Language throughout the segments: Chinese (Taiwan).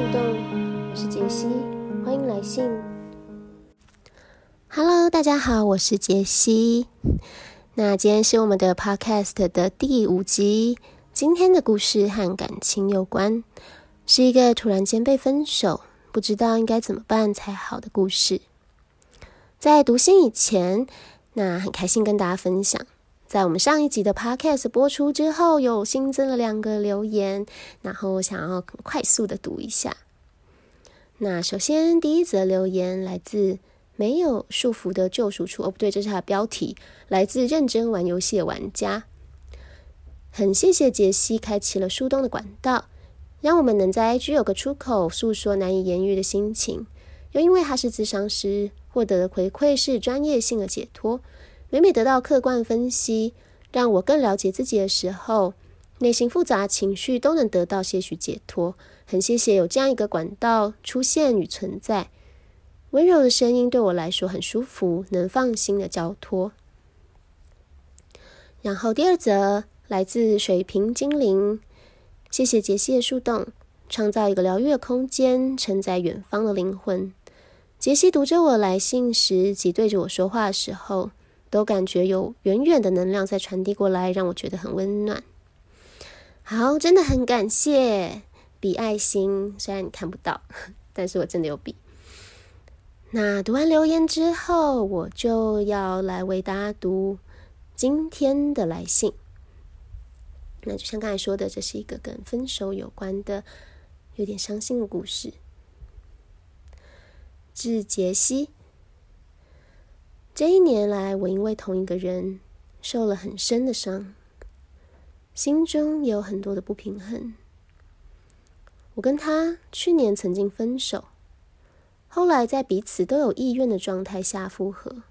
樹洞，我是潔西，歡迎來信。Hello，大家好，我是潔西。那今天是我們的 Podcast 的第五集，今天的故事和感情有關，是一個突然間被分手，不知道應該怎麼辦才好的故事。在讀信以前，那很開心跟大家分享。在我們上一集的 podcast 播出之後，又新增了兩個留言，然後我想要快速的讀一下。那首先，第一則留言來自“沒有束縛的救贖處”，哦不對，這是它的標題，來自認真玩遊戲的玩家。很謝謝潔西開啟了樹洞的管道，讓我們能在 IG 有個出口訴說難以言喻的心情。又因為他是諮商師，獲得的回饋是專業性的解脫。每每得到客觀分析，讓我更了解自己的時候，內心複雜情緒都能得到些許解脫。很謝謝有這樣一個管道出現與存在，溫柔的聲音對我來說很舒服，能放心的交托。然後第二則來自水瓶精靈，謝謝潔西的樹洞，創造一個療癒的空間，承載遠方的靈魂。潔西讀着我來信時，及對着我說話的時候，都感覺有遠遠的能量在傳遞過來，讓我覺得很溫暖。好，真的很感謝。比愛心，雖然你看不到，但是我真的有比。那讀完留言之後，我就要來為大家讀今天的來信。那就像剛才說的，這是一個跟分手有關的、有點傷心的故事，致潔西。這一年來，我因為同一個人受了很深的傷，心中也有很多的不平衡。我跟他去年曾經分手，後來在彼此都有意願的狀態下復合。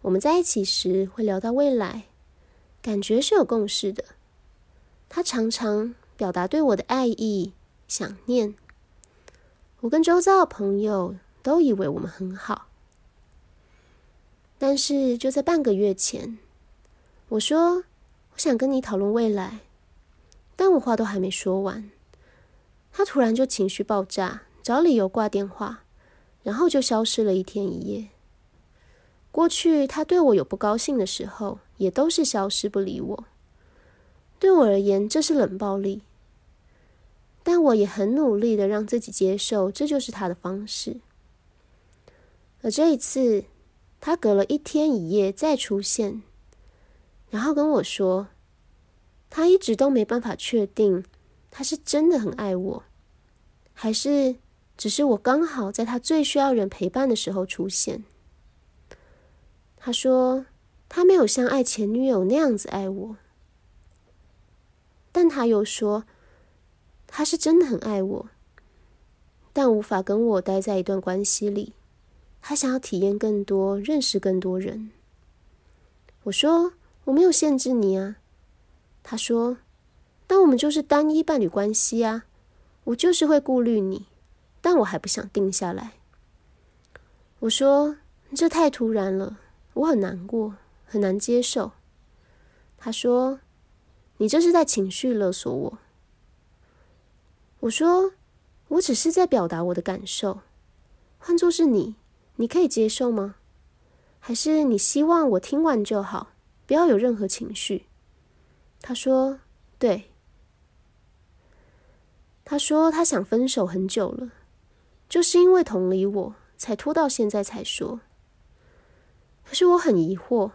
我們在一起時會聊到未來，感覺是有共識的。他常常表達對我的愛意、想念。我跟周遭的朋友都以為我們很好。但是就在半個月前，我說我想跟你討論未來，但我話都還沒說完，他突然就情緒爆炸，找理由掛電話，然後就消失了一天一夜。過去他對我有不高興的時候，也都是消失不理我。對我而言，這是冷暴力。但我也很努力的讓自己接受，這就是他的方式。而這一次。他隔了一天一夜再出現，然後跟我說，他一直都沒辦法確定，他是真的很愛我，還是只是我剛好在他最需要人陪伴的時候出現。他說他沒有像愛前女友那樣子愛我，但他又說他是真的很愛我，但無法跟我待在一段關係裡。他想要體驗更多，認識更多人。我說我沒有限制你啊。他說：“但我們就是單一伴侶關係啊，我就是會顧慮你，但我還不想定下來。”我說：“這太突然了，我很難過，很難接受。”他說：“你這是在情緒勒索我。”我說：“我只是在表達我的感受，換作是你。”你可以接受嗎？還是你希望我聽完就好，不要有任何情緒？他說：“對。”他說他想分手很久了，就是因為同理我才拖到現在才說。可是我很疑惑，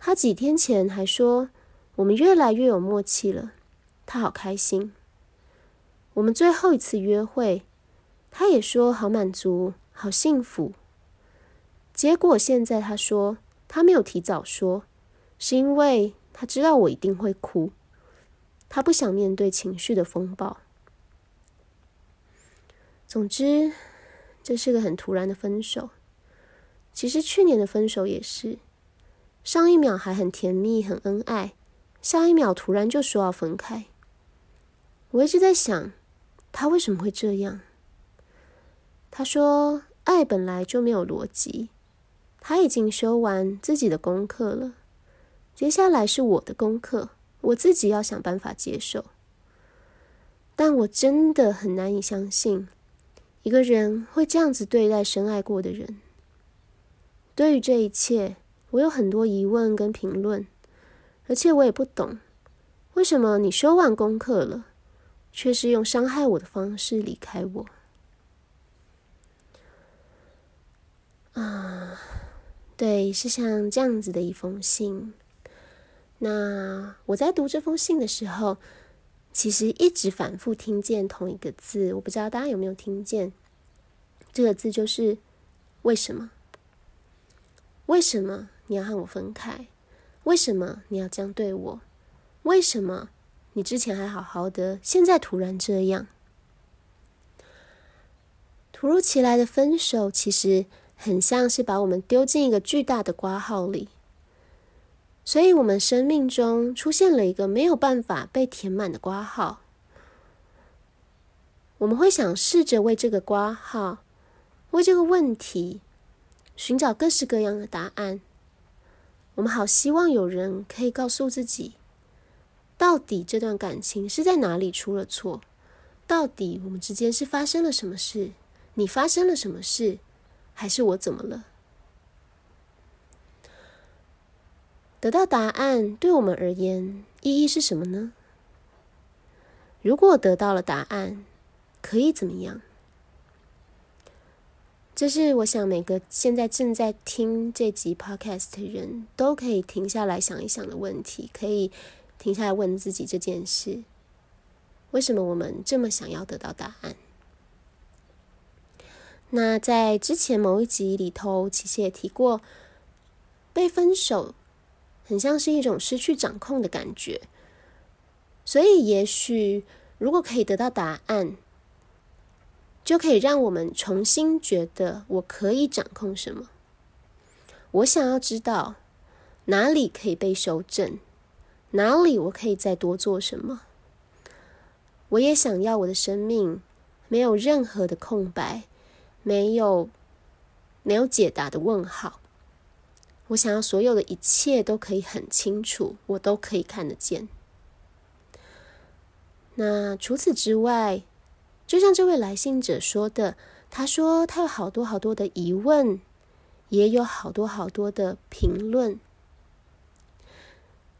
他幾天前還說我們越來越有默契了，他好開心。我們最後一次約會，他也說好滿足。好幸福。結果現在他說他沒有提早說，是因為他知道我一定會哭，他不想面對情緒的風暴。總之，這是個很突然的分手。其實去年的分手也是，上一秒還很甜蜜、很恩愛，下一秒突然就說要分開。我一直在想，他為什麼會這樣？他說：“愛本來就沒有邏輯。他已經修完自己的功課了，接下來是我的功課，我自己要想辦法接受。但我真的很難以相信，一個人會這樣子對待深愛過的人。對於這一切，我有很多疑問跟評論，而且我也不懂，為什麼你修完功課了，卻是用傷害我的方式離開我？”啊，uh, 對，是像這樣子的一封信。那我在讀這封信的時候，其實一直反復聽見同一個字，我不知道大家有沒有聽見。這個字就是“為什麼？為什麼你要和我分開？為什麼你要這樣對我？為什麼你之前還好好的，現在突然這樣？突如其來的分手，其實……很像是把我們丟進一個巨大的括號裡，所以我們生命中出現了一個沒有辦法被填滿的括號。我們會想試着為這個括號，為這個問題尋找各式各樣的答案。我們好希望有人可以告訴自己，到底這段感情是在哪裡出了錯？到底我們之間是發生了什麼事？你發生了什麼事？還是我怎麼了？得到答案對我們而言意義是什麼呢？如果得到了答案，可以怎麼樣？這、就是我想每個現在正在聽這集 Podcast 的人都可以停下來想一想的問題，可以停下來問自己這件事：為什麼我們這麼想要得到答案？那在之前某一集裡頭，琪琪也提過，被分手很像是一種失去掌控的感覺。所以，也許如果可以得到答案，就可以讓我們重新覺得我可以掌控什麼。我想要知道哪裡可以被修正，哪裡我可以再多做什麼。我也想要我的生命沒有任何的空白。沒有，沒有解答的問號，我想要所有的一切都可以很清楚，我都可以看得見。那除此之外，就像這位來信者說的，他說他有好多好多的疑問，也有好多好多的評論。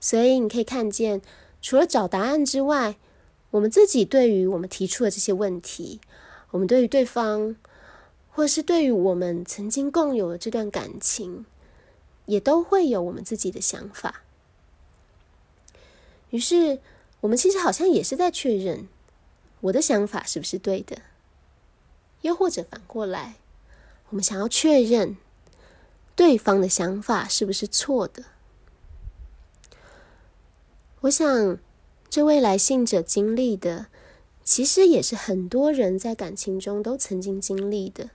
所以你可以看見，除了找答案之外，我們自己對於我們提出的這些問題，我們對於對方。或者是對於我們曾經共有的這段感情，也都會有我們自己的想法。於是，我們其實好像也是在確認我的想法是不是對的，又或者反過來，我們想要確認對方的想法是不是錯的。我想，這位來信者經歷的，其實也是很多人在感情中都曾經經歷的。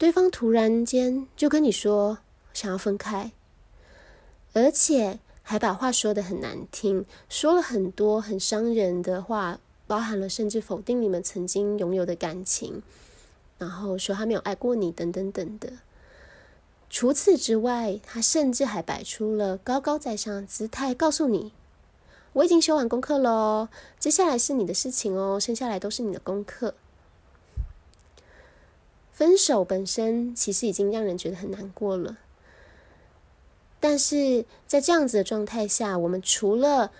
對方突然間就跟你說想要分開，而且還把話說得很難聽，說了很多很傷人的話，包含了甚至否定你們曾經擁有的感情，然後說他沒有愛過你等等等的。除此之外，他甚至還擺出了高高在上的姿態，告訴你：“我已經修完功課了，接下來是你的事情哦，剩下來都是你的功課。”分手本身其實已經讓人覺得很難過了，但是在這樣子的狀態下，我們除了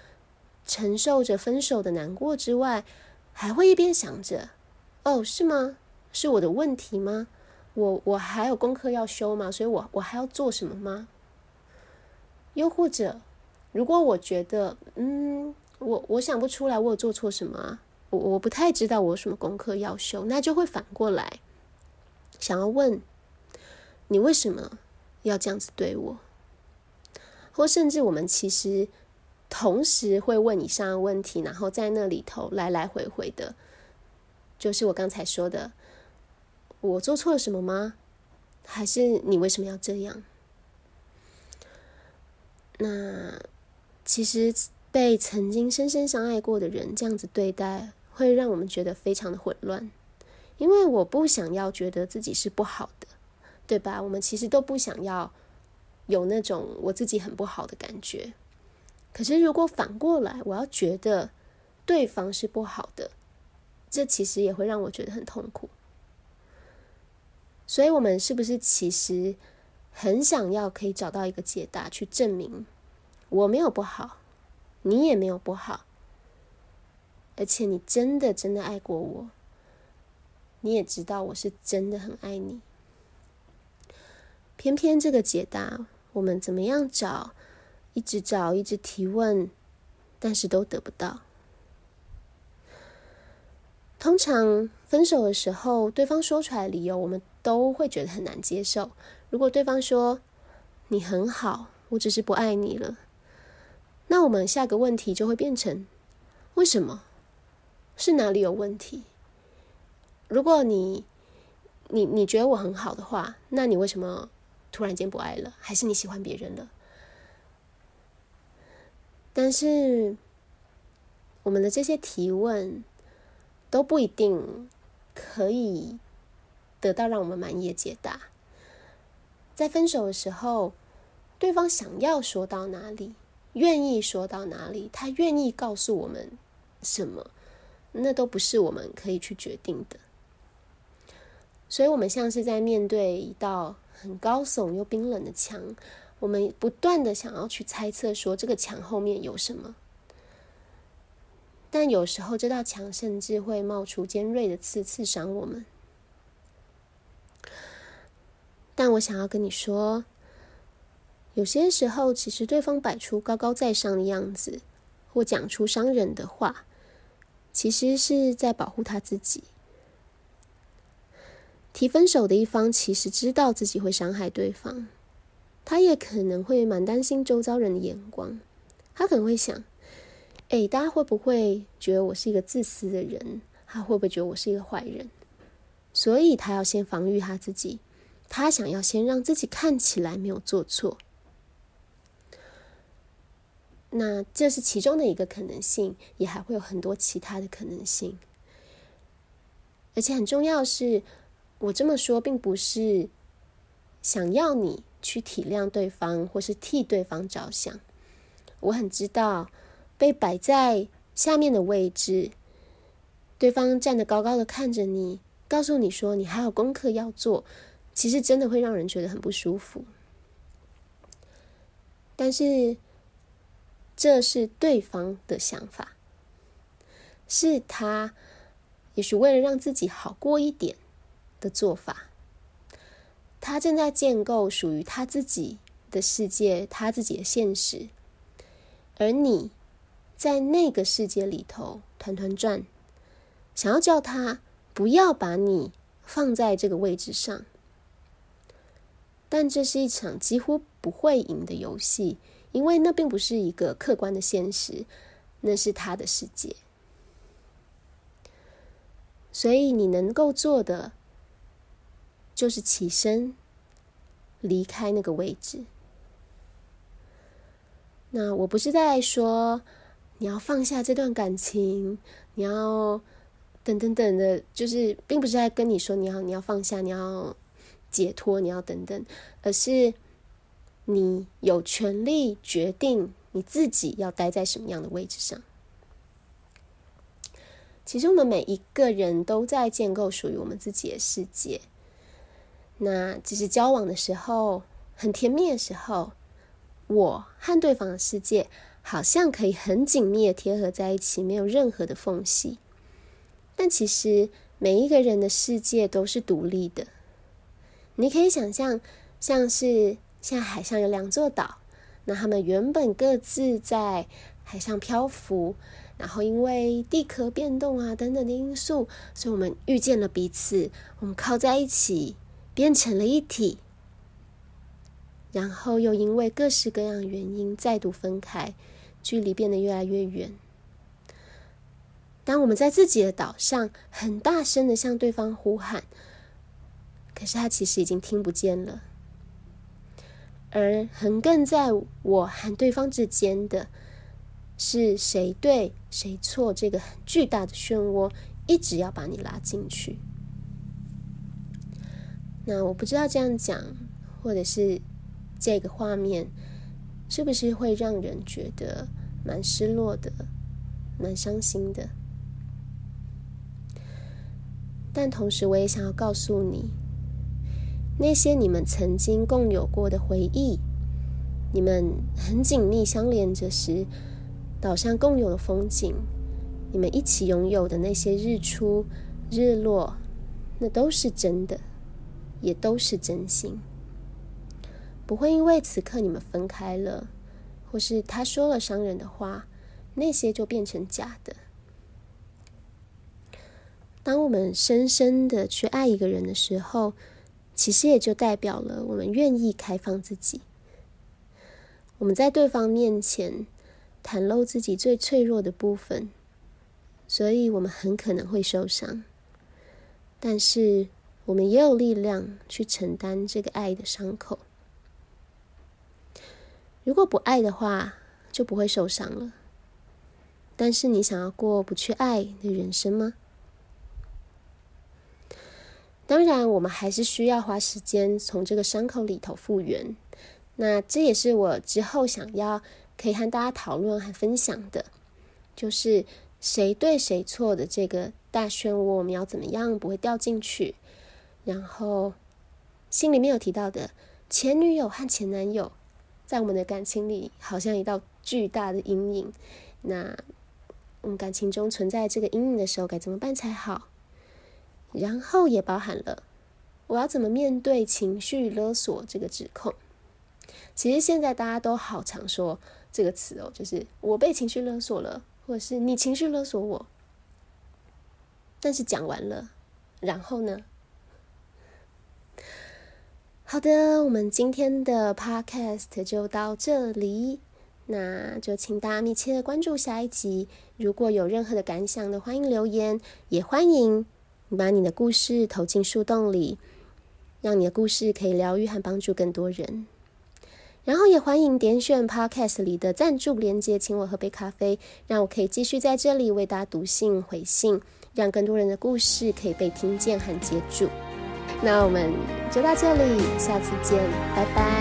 承受着分手的難過之外，還會一邊想着：“哦，是嗎？是我的問題嗎？我我還有功課要修嗎？所以我我還要做什麼嗎？”又或者，如果我覺得“嗯，我我想不出來我有做錯什麼啊，我我不太知道我有什麼功課要修”，那就會反過來。想要問你為什麼要這樣子對我，或甚至我們其實同時會問以上的問題，然後在那裡頭來來回回的，就是我剛才說的，我做錯了什麼嗎？還是你為什麼要這樣？那其實被曾經深深相愛過的人這樣子對待，會讓我們覺得非常的混亂。因為我不想要覺得自己是不好的，對吧？我們其實都不想要有那種我自己很不好的感覺。可是如果反過來，我要覺得對方是不好的，這其實也會讓我覺得很痛苦。所以，我們是不是其實很想要可以找到一個解答，去證明我沒有不好，你也沒有不好，而且你真的真的愛過我？你也知道我是真的很愛你，偏偏這個解答，我們怎麼樣找，一直找，一直提問，但是都得不到。通常分手的時候，對方說出來的理由，我們都會覺得很難接受。如果對方說你很好，我只是不愛你了，那我們下個問題就會變成為什麼？是哪裡有問題？如果你，你你覺得我很好的話，那你為什麼突然間不愛了？還是你喜歡別人了？但是我們的這些提問都不一定可以得到讓我們滿意的解答。在分手的時候，對方想要說到哪裡，願意說到哪裡，他願意告訴我們什麼，那都不是我們可以去決定的。所以，我們像是在面對一道很高聳又冰冷的牆，我們不斷的想要去猜測說這個牆後面有什麼，但有時候這道牆甚至會冒出尖銳的刺刺傷我們。但我想要跟你說，有些時候，其實對方擺出高高在上的樣子，或講出傷人的話，其實是在保護他自己。提分手的一方其實知道自己會傷害對方，他也可能會蠻擔心周遭人的眼光，他可能會想，哎、欸，大家會不會覺得我是一個自私的人？他會不會覺得我是一個壞人？所以，他要先防禦他自己，他想要先讓自己看起來沒有做錯。那這是其中的一個可能性，也還會有很多其他的可能性。而且很重要是。我這麼說，並不是想要你去體諒對方，或是替對方着想。我很知道，被擺在下面的位置，對方站得高高的看着你，告訴你說你還有功課要做，其實真的會讓人覺得很不舒服。但是，這是對方的想法，是他也許為了讓自己好過一點。的做法，他正在建構屬於他自己的世界，他自己的現實。而你，在那個世界裡頭團團轉，想要叫他不要把你放在這個位置上，但這是一場幾乎不會贏的遊戲，因為那並不是一個客觀的現實，那是他的世界。所以你能夠做的，就是起身離開那個位置。那我不是在說你要放下這段感情，你要等等等的，就是並不是在跟你說你要你要放下，你要解脫，你要等等，而是你有權利決定你自己要待在什麼樣的位置上。其實我們每一個人都在建構屬於我們自己的世界。那其實交往的時候很甜蜜的時候，我和對方的世界好像可以很緊密的貼合在一起，沒有任何的縫隙。但其實每一個人的世界都是獨立的。你可以想象，像是像海上有兩座島，那他們原本各自在海上漂浮，然後因為地殼變動啊等等的因素，所以我們遇見了彼此，我們靠在一起，變成了一體，然後又因為各式各樣的原因再度分開，距離變得越來越遠。當我們在自己的島上很大聲的向對方呼喊，可是他其實已經聽不見了。而橫亘在我和對方之間的，是誰對誰錯這個巨大的漩渦，一直要把你拉進去。那我不知道這樣講，或者是這個畫面，是不是會讓人覺得蠻失落的、蠻傷心的？但同時，我也想要告訴你，那些你們曾經共有過的回憶，你們很緊密相連着時，島上共有的風景，你們一起擁有的那些日出、日落，那都是真的。也都是真心，不會因為此刻你們分開了，或是他說了傷人的話，那些就變成假的。當我們深深的去愛一個人的時候，其實也就代表了我們願意開放自己，我們在對方面前袒露自己最脆弱的部分，所以我們很可能會受傷，但是，我們也有力量去承擔這個愛的傷口。如果不愛的話，就不會受傷了。但是，你想要過不去愛的人生嗎？當然，我們還是需要花時間從這個傷口裡頭復原。那這也是我之後想要可以和大家討論和分享的，就是誰對誰錯的這個大漩渦，我們要怎麼樣不會掉進去？然後，信裡面有提到的前女友和前男友，在我們的感情裡好像一道巨大的陰影。那我們感情中存在這個陰影的時候，該怎麼辦才好？然後也包含了我要怎麼面對情緒勒索這個指控。其實現在大家都好常說這個詞哦，就是我被情緒勒索了，或者是你情緒勒索我。但是講完了，然後呢？好的，我們今天的 podcast 就到這裡，那就請大家密切的關注下一集。如果有任何的感想的，歡迎留言，也歡迎你把你的故事投進樹洞裡，讓你的故事可以療癒和幫助更多人。然後也歡迎點選 podcast 裡的贊助連結，請我喝杯咖啡，讓我可以繼續在這裡為大家讀信回信，讓更多人的故事可以被聽見和接住。那我們就到這裡，下次見，拜拜。